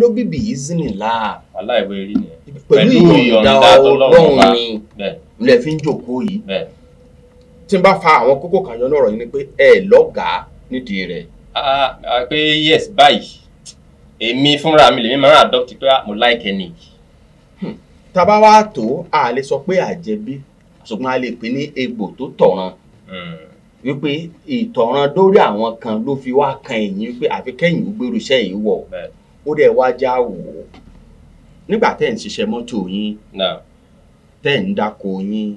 ló bìbì yìí sí nìlá. aláìwé rí ni. pẹ̀lú ìyọ̀ǹda ọlọ́run ni ilẹ̀ fi ń jòkó yìí. tí n bá fa àwọn kókó kan yọ lọ́rọ̀ yìí ni pé ẹ lọ́gàá nídìí rẹ̀. pé yes báyìí èmi fúnra mi lèmi máa ń adopt pé mo like ẹni. Hmm. Taba wá tó a lè sọ pé àjẹbí ṣùgbọ́n a lè pè ní egbò tó tọ̀ràn hmm. wípé ìtọ̀ràn dórí àwọn kan ló fi wá kan ẹ̀yìn wípé àfi kẹ́yìn ó gbèrú iṣẹ́ yìí wọ̀ ó dẹ̀ wá já wò ó nígbà tẹ́ ẹ̀ ń ṣiṣẹ́ mọ́tò yín tẹ́ ẹ̀ ń dáko yín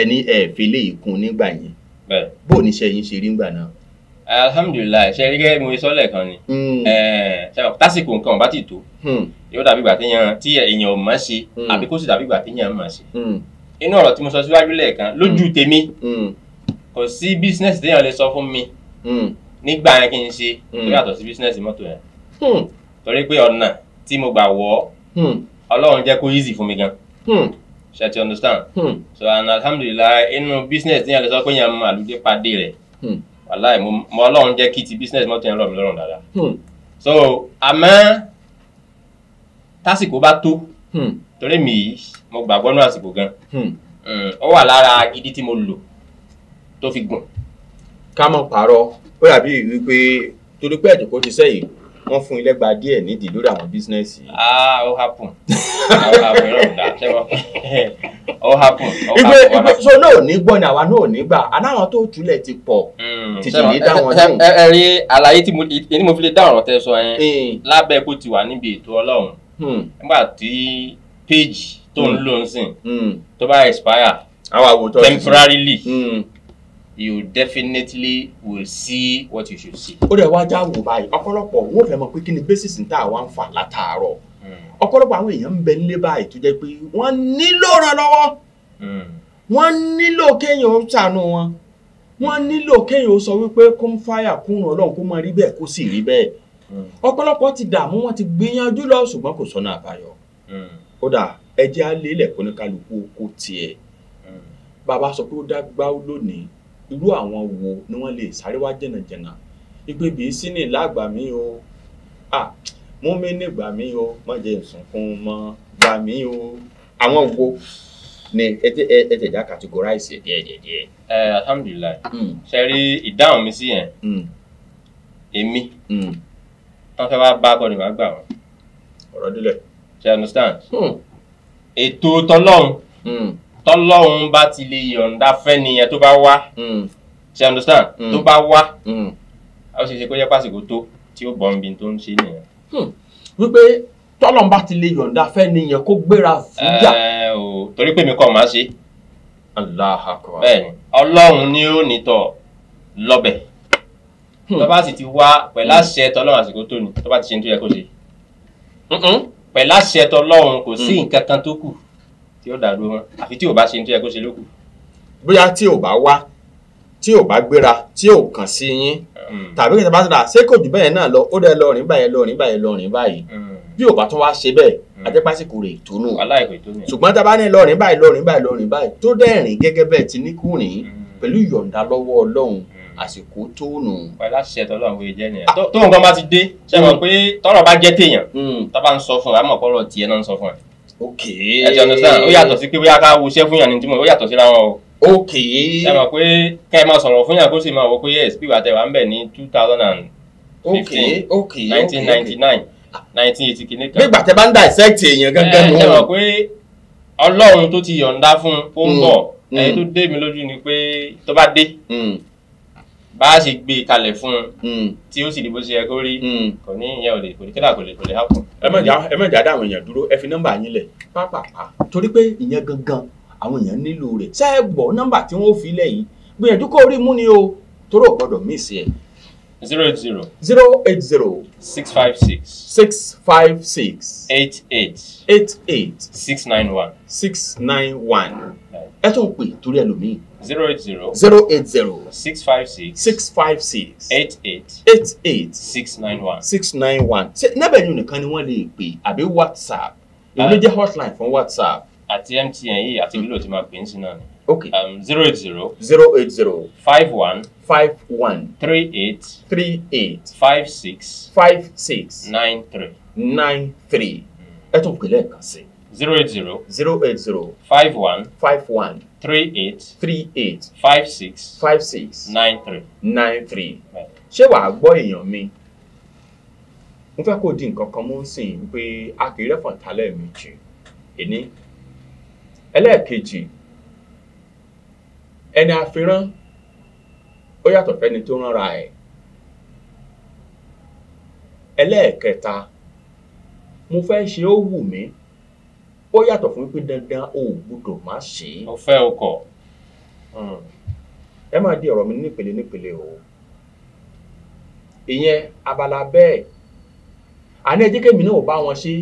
ẹni ẹ̀ fi lè kún nígbà yẹn bó níṣẹ́ yín ṣe rí nígbà náà. alhamdulilayi ṣe rí gẹ́gẹ́ mo sọ lẹ́ẹ̀kan ni hmm. tásìkò nǹkan ò bá ti tó hmm. yóò dàbí ìgbà tí èèyàn ò mọ̀ ṣe hmm. àbí kó sì dàbí ìgbà tí èèyàn mọ̀ ṣe inú ọ̀rọ̀ tí mo sọ síwájú lẹ́ẹ̀kan lójú tèmi kò sí bísínẹ́sì téèyàn lè sọ fún mi nígbà yẹn kí n ṣe tó yàtọ̀ sí bísínẹ́sì mọ́tò yẹn Hmm. torí pé ọ̀nà tí mo gbà wọ̀ ọ́ hmm. ọlọ́run jẹ́ kó easy fún mi gan hmm. ṣe ti understand so and alhamdulilayi inú business ní alẹ́ sọ pé yẹn máa lùdé pàdé rẹ̀ wàláì mo ọlọ́run jẹ́ kí ti business mọ́tò yẹn rọ̀ mí lọ́rùn dáadáa so àmọ́ tásìkò bá tó torí mi yìí mo gbàgbọ́ nú àsìkò gan ó wà lára gidi tí mo lò tó fi gùn. ká mọ̀ pààrọ̀ ó dàbí wípé torí pé ẹ̀jẹ̀ kò ti sẹ́yìn wọ́n fún ilé gba díẹ̀ nídìí lórí àwọn bísínẹ́sì. ah o happen o happen o happen o happen. ìgbé ìgbé so náà ò ní gbọ́ ni àwa náà ò ní gbà aláwọn tó túlẹ̀ ti pọ̀ títí ní dáwọn lóhùn. ẹ rí àlàyé tí mo fi lè dá ọ̀rọ̀ tẹ sọ yẹn hmm. lábẹ́ bó ti wà níbi ètò ọlọ́run hmm. nígbà tí péjì tó ń hmm. lò ń sìn tó bá expire temporarily you definitely will see what you should see. ó dẹ̀ wá já wò báyìí ọ̀pọ̀lọpọ̀ wọ́n fẹ́ mọ̀ pé kí ni basis ń tà wá ń fà látàárọ̀ hmm. ọ̀pọ̀lọpọ̀ àwọn èèyàn ń bẹ nílé báyìí tó jẹ́ pé wọ́n nílò ìrànlọ́wọ́ hmm. wọ́n nílò kéèyàn ó ṣàánú wọn wọ́n nílò kéèyàn ó sọ wípé kó ń fáyà kún ọlọ́run kó máa rí bẹ́ẹ̀ kó sì rí bẹ́ẹ̀ hmm. ọ̀pọ̀lọpọ̀ ti dààmú wọ́n ti gbìyànjú lọ ṣùgbọ́n kò sọ́nà àbáyọ kódà ẹjẹ́ á ilẹ̀kùn ní kálukú kó tiẹ̀ bàbá sọ pé ó dá gbáú lónìí irú àwọn wo ni wọ́n lè sáré wá jẹ̀nàjẹ̀nà ìpè bíi sínì lágbà mí o mú mi nígbà mí o má jẹ́ ìsúnkún mọ́ gbà mí o àwọn wo ni ẹ tẹ ẹ tẹ já categorize ẹ díẹ̀ díẹ̀ díẹ̀. ẹ alhamdulilayi hmm. ṣe rí ìdáhùn mi sí yẹn hmm. èmi hmm. tán fẹ́ wá bá bọ́ ni màá gbà wọ́n. ọ̀rọ̀ délẹ̀. ṣe understand. ètò tọlọ́run tọ́lọ́hún bá ti lè yọ̀ǹda fẹ́niyẹn tó bá wá hmm. ṣe understand hmm. tó bá wá hmm. a ó ṣe ṣe kó yẹ pàṣípò tó tí ó bọ̀ nbí tó ń ṣe nìyẹn. wípé tọ́lọ́hún bá ti lè yọ̀ǹda fẹ́niyẹn kó gbéra fújà. o torí pé mi kọ́ máa ṣe. Allahu Akbar. bẹ́ẹ̀ni Ọlọ́run ni ó nìtọ lọbẹ tó bá sì ti wá pẹ̀lú àṣẹ tọ́lọ́run àsìkò tó ní tó bá ti ṣe ní tó yẹ kó ṣe pẹ̀lú àṣẹ tọ́lọ́run kò sí nǹkan kan tó kù tí ó dàdúró mọ́ àfi tí ò bá ṣe ní tó yẹ kó ṣe lókù. bóyá tí ò bá wá tí ò bá gbéra tí ò kàn sí yín hmm. tàbí kìtà bá sọ̀rọ̀ ṣé kò jù bẹ́ẹ̀ náà lọ ó dẹ lọ rìn báyìí lọ rìn báyìí lọ rìn báyìí bí ò bá tún wá ṣe bẹ́ẹ̀ hmm. ajẹ́pásíkò rẹ̀ ìtùnú ṣùgbọ́n tá a bá ní lọ rìn báyìí lọ rìn báyìí lọ rìn báyìí tó dẹ̀ rìn gẹ́gẹ́ bẹ́ẹ̀ ti ní kú rìn hmm. pẹ̀lú ìyọ̀ǹda lọ́wọ́ Ọlọ́run àsìkò tóònù. pẹ̀lú àṣìṣe tọ́lọ́ okay ẹ ti understand ó yàtọ̀ sí pé bóyá ká wo iṣẹ́ fún yàn ní tí mo ó yàtọ̀ síra wọn o okay ẹ mọ̀ pé kẹ́ ẹ máa sọ̀rọ̀ fún yàn kó sì máa wọ pé yes bí wàá tẹ̀ wá ń bẹ̀ ní two thousand and fifteen nineteen ninety nine nineteen eighty kìíní kan. gbígbà tẹ bá ń dissect èèyàn gángan nù. ẹ mọ̀ pé ọlọ́run tó ti yọ̀ǹda fún un ó ń mm, bọ̀ ẹni mm. tó dé mi lójú ni pé tó bá dé mm bá a ṣe gbé e kalẹ̀ fún un hmm. tí ó sì di bó ṣe yẹ kó rí hmm. kò ní ìyẹn ò lè kò ní kí làkò lè kò lè hápọ̀. ẹ má jáde àwọn èèyàn dúró ẹ fi nọ́mbà yín lẹ̀ pápápá torí pé ìyẹn gangan àwọn èèyàn nílò rẹ̀ ṣé ẹ gbọ́ nọ́mbà tí wọ́n fi lẹ̀ yìí gbìyànjú kó rí mú ni o torí ò mí sí ẹ. zero eight zero. zero eight zero. six five six. six five six. eight eight. eight eight. six nine one. six nine one. ẹ tún pè torí ẹlòmíì zero eight zero. zero eight zero. six five six. six five six. eight eight. eight eight. six nine one. six nine one. ṣe nẹ́bẹ̀ yìí nìkan ni wọ́n lè pè àbí whatsapp ah. èmi jẹ́ hotline fún whatsapp. àti mtn yìí àti glo ti máa pè é sí náà ni. ok um, zero eight zero. zero eight zero. five one. five one. three eight. three eight. five six. five six. nine three. nine three. ẹ tún pè lẹ́ẹ̀kan sí i zero eight zero zero eight zero five one five one three eight three eight five six five six nine three nine three. ṣé wàá gbọ́ èèyàn mi mo fẹ́ kó di nǹkan kan mú sìn pé a kì í rẹ́fọ̀ntà lẹ́ẹ̀mejì ẹni ẹlẹ́ẹ̀kejì ẹni àfirán ó yàtọ̀ fẹ́ni tó ránra ẹ̀ ẹlẹ́ẹ̀kẹta mo fẹ́ ṣe ó wù mí ó yàtọ̀ fún pé dandan o ò gbọdọ̀ má ṣe é. ọ̀fẹ́ o kọ̀. Hmm. ẹ máa di ọ̀rọ̀ mi nípele nípele o ìyẹn abala bẹ́ẹ̀ àní ẹ jẹ́ kémi náà ò bá wọn ṣe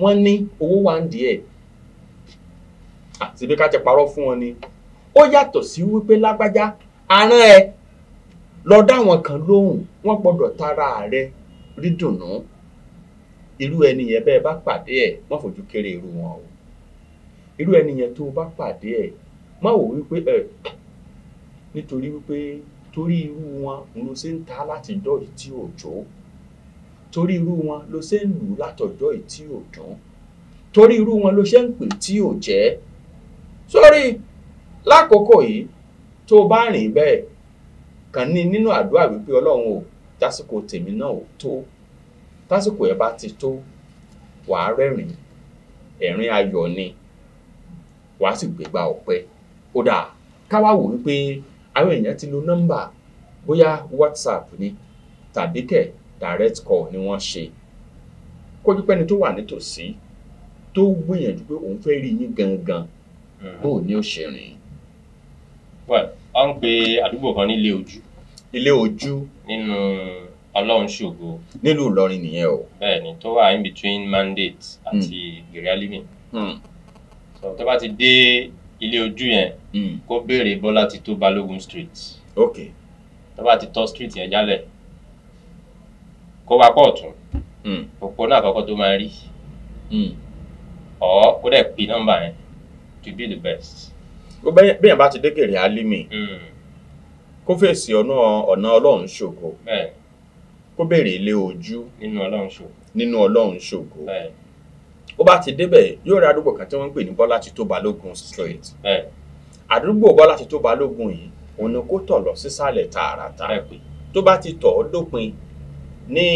wọ́n ní owó wa ń díẹ̀ àti bí ká ti parọ́ fún wọn ni ó yàtọ̀ sí wípé lágbájá aràn ẹ lọ dá wọn kan lóhùn wọn gbọ́dọ̀ tara rẹ rídùnnú irú ẹni yẹn bẹ́ẹ̀ bá pàdé ẹ̀ wọ́n fojú kéré irú wọn o irú ẹnìyẹn tó o bá pàdé ẹ̀ má wò wípé ẹ̀ nítorí wípé torí irú wọn ló ṣe ń ta látijọ́ yìí tí ò jó torí irú wọn ló ṣe ń lù látọjọ́ yìí tí ò dùn torí irú wọn ló ṣe ń pè tí ò jẹ́ sórí lákòókò yìí tó o bá rìn bẹ́ẹ̀ kàn ní nínú àdúrà wípé ọlọ́run ò tásìkò tèmi náà ò tó tásìkò ẹ̀ bá ti tó wàá rẹ́rìn ẹ̀rín ayọ̀ ni wàá sì gbégbá ọpẹ́ ó dà ká wá wò wípé àwọn èèyàn ti lo nọ́mbà bóyá whatsapp ni tàbí kẹ̀ direct call ni wọ́n ṣe kójú pẹ́ni tó wà nítòsí tó gbìyànjú pé òun fẹ́ rí yín gangan mhm. bóò ni ó ṣe rìn. well a ń pe àdúgbò kan nílé ojú. ilé ojú. nínú ọlọ́run ṣògo. nílùú ìlọrin nìyẹn o. bẹ́ẹ̀ni tó wà in between mandate hmm. àti ìrẹ́límì. Hmm tó bá ti dé ilé ojú yẹn hmm. kó béèrè bọ́lá ti tó balógun street ok tó bá ti tọ́ street yẹn jálẹ̀ kó wá kóòtù hmm. òpópónà àkọ́kọ́ tó máa rí hmm. ọ̀ kó dẹ̀ pè nọ́mbà yẹn to be the best. ó bẹ́yàn bá ti dé kèrè álímì kó fèsì ọ̀nà ọ̀nà ọlọ́run ṣògo kó béèrè ilé ojú nínú ọlọ́run ṣògo ó bá ti débẹ̀ yóò rí àdúgbò kan tí wọ́n ń pè ní bọ́lá tító balógun street àdúgbò bọ́lá tító balógun yìí òun ni kó tọ̀ lọ sísàlẹ̀ tààràtà tó bá ti tọ̀ ọ́ dópin ní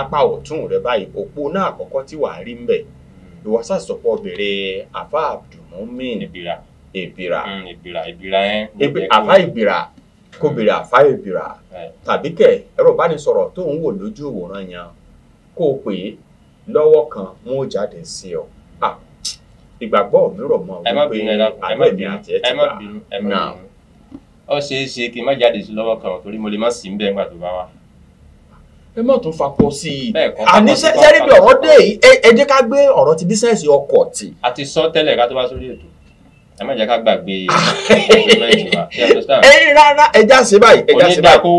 apá ọ̀tún rẹ báyìí òpó náà àkọ́kọ́ tí wàá rí mbẹ̀ hmm. ìwọ sàṣọpọ̀ bèrè àfa abdulmumin ìbìrà ìbìrà ìbìrà ìbìrà àfa ìbìrà kó bèrè àfa ìbìrà tàbí kẹ ẹ̀rọ ìbánisọ̀rọ̀ tó ń wò lójú òwòrán yẹn kó o pè é lọ́wọ́ kan wọn ò jáde sí ọ ìgbàgbọ́ mi rọ̀ mọ́ wípé àlọ́ èmi àti ẹ ti gbà náà. ó ṣeé ṣe kí n má jáde sí lọ́wọ́ kan torí mo lè má sí níbẹ̀ nígbà tó bá wà. ẹ má tún fapọ̀ sí i àní sẹ́rí bí ọ̀rọ̀ dé yìí ẹ jẹ́ ká gbé ọ̀rọ̀ ti bísíǹsì ọkọ̀ tì. a ti sọ tẹ́lẹ̀ ká tó bá sórí ètò ẹ má jẹ́ ká gbàgbé ẹyin rárá já sí báyìí ẹ já sí báyìí.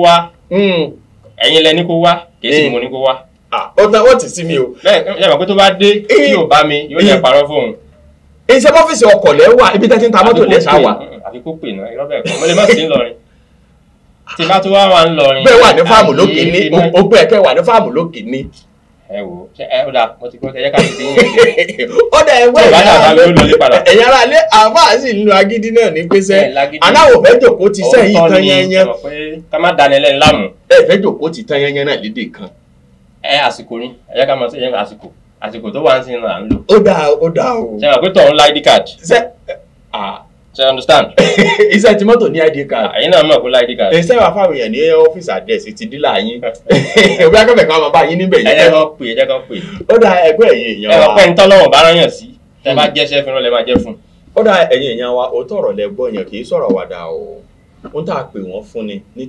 Ah, ọ̀tá wọ́ọ̀tì sí mi o. ẹ mọ̀ pé tó bá dé kí eh, o bá mi yóò jẹ́ eh, parọ́ fóun. iṣẹ́ bọ́fíìsì ọkọ̀ lẹ́wà ibi tẹ́tí ń ta mọ́tò lẹ́sà wà. àfi kó pè náà irọ́ bẹ́ẹ̀ kọ́ mo lè má sí Ìlọrin tí bá tó wá wà ń lọrin. bẹ́ẹ̀ wà ní fáàmù lókè ní ogbó ẹ̀kẹ́ wà ní fáàmù lókè ní. ẹ wo ẹ ó dà mo ti kọ́ ẹ jẹ́ ká ti dín yín. ó dà ẹwọ́ ẹ̀yà ara lé àbá sì ń lo agídí náà ní pẹ́sẹ́ aláwọ̀ fẹ́ jòkó ti sẹ́yìn tán yẹn yẹn. ká má dalẹ̀ lẹ́nu láàmú. ẹ fẹ́ jòkó ti tán yẹn yẹn náà lédè kan. ẹ àsìkò ni ẹ jẹ́ ká mọ̀ sí ẹ àsìkò àsìkò tó wà ń sin ń lò. ó dáa ó dáa o. ṣe àwọn pétọ̀ id card. ṣe ṣe understand. iṣẹ́ ti mọ́tò ní id card. àyìn náà mọ̀ kó lá id card. ẹ sẹ́wà fáwọn èèyàn ní ọ́fíìsì àdẹ́sì ti dílà yín. òbí akẹ́fẹ̀ẹ́ kan máa bá yín níbẹ̀ yìí. ẹ jẹ́ pè wa. ẹ bá sí bá lẹ́ máa jẹ́ fún. ó dáa wa òótọ́ ọ̀rọ̀ lẹ gbọ́ yẹn kì í sọ̀rọ̀ o. ni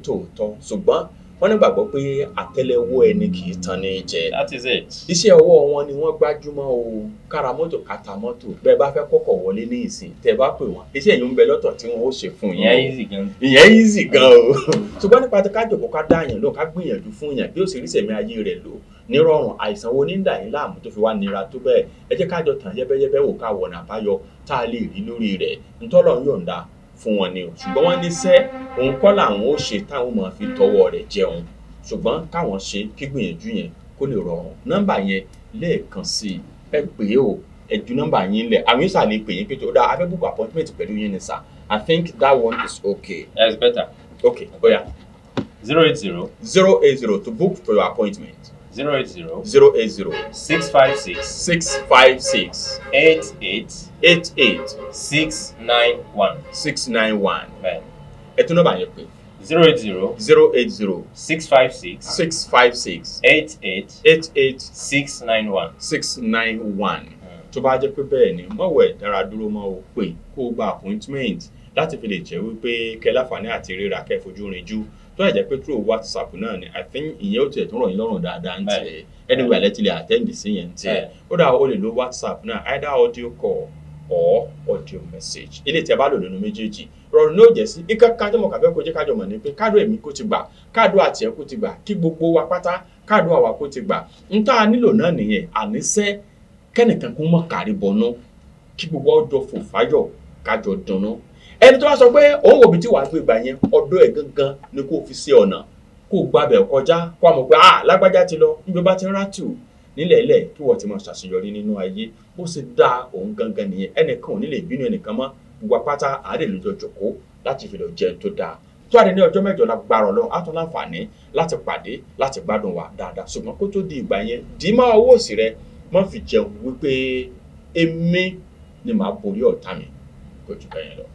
ṣùgbọ́n wọ́n nígbàgbọ́ pé àtẹ́lẹwọ́ ẹni kì í tan ní jẹ. that is it. iṣẹ́ ọwọ́ wọn ni wọ́n gbájúmọ́ o kára mọ́tò kàtà mọ́tò bẹ́ẹ̀ bá fẹ́ kọ́kọ̀ wọlé ní ìsìn tẹ́ bá pè wọ́n iṣẹ́ yìí ń bẹ lọ́tọ̀ tí wọ́n ó ṣe fún yín. ìyẹn easy gan. ìyẹn easy gan o. ṣùgbọ́n nípa ti kájọ̀kọ ká dá yẹn lọ ká gbìyànjú fún yẹn bí ó sì rí sẹ̀mí ayé rẹ̀ lò nírọ̀rùn àìsàn wo ní ń dà yín láàmú tó fi wá nira tó bẹ́ẹ̀ ẹ jẹ́ kájọ tàn yẹ́bẹ́yẹ́bẹ́ wò ká wọ̀nà fún wọn ni o ṣùgbọ́n wọ́n ní sẹ́ òun kọ́ làwọn ó ṣe táwọn máa fi tọwọ́ rẹ̀ jẹun ṣùgbọ́n káwọn ṣe kígbìyànjú yẹn kó lè rọrùn nọ́mbà yẹn lẹ́ẹ̀kan sí ẹ pè é o ẹ ju nọ́mbà yín lẹ̀ àwọn yóò ṣàlè pè yín pé ó dáa a fẹ́ book appointment pẹ̀lú yín ni sà I think that one is okay. that's better. okay oya. zero eight zero. zero eight zero to book for your appointment zero eight zero. zero eight zero. six five six. six five six. eight eight. eight eight. six nine one. six nine one. bẹ́ẹ̀ni. ẹ tún nọ́mbà zero eight zero. zero eight zero. six five six. six five six. eight eight. eight eight. six nine one. six nine one. tó bá jẹ́ pé bẹ́ẹ̀ ni mọ̀wẹ̀ dára dúró mọ́ o pé kó o gba appointment láti fi lè jẹ́ wípé kẹ́ láǹfààní àti ríra kẹ́ fojú rinjú tó yà jẹ́ pé through whatsapp náà ni i think ìyẹn ó tiẹ̀ tún rọ̀ yín lọ́rùn dáadáa ń tiẹ̀ anyway alẹ́ ti lè attend sí yẹn ń tiẹ̀ ó dà o lè lo whatsapp náà either audio call or audio message ilé tí a bá lò nínú méjèèjì rọrùn ní òjẹ́ sí nǹkan kan tí mo kà fẹ́ kó jẹ́ kájọ mọ̀ ni pé káàdó èmi kó ti gbà káàdó àtìẹ́ kó ti gbà kí gbogbo wa pátá káàdó àwa kó ti gbà ń tá a nílò náà nìyẹn àníṣẹ́ kẹ́nìkan kó mọ̀ kárí bọnú kí gbogbo ọjọ́ fò fáyọ̀ kájọ dunnú ẹni tó bá sọ pé òun òbí tí wàá gbé ìgbà yẹn ọ̀dọ̀ ẹ̀ gangan ni kò fi ṣe ọ̀nà kò gbàbẹ̀ kọjá kó àmọ̀ pé ah lágbájá ti lọ níbi bá ti ń rátù nílẹ̀ẹ́lẹ̀ kí wọ́n ti máa ṣàṣeyọrí nínú ayé bó ṣe dá òun gangan nìyẹn ẹnìkan ò ní lè bínú ẹnìkan mọ́ gbogbo apáta àádẹ́lójọ jòkó láti fi lọ jẹun tó dáa tó àdé ní ọjọ́ mẹ́jọ la gbàrọ̀ lọ á tún láǹfààní láti pàdé láti gbádùn wa dáadáa ṣùgbọ́n kó tó di ìgbà yẹn dì í máa owó òsì rẹ má fi jẹun wípé èmi ni màá borí ọ̀tá mi kò jù bẹ́ẹ̀ lọ.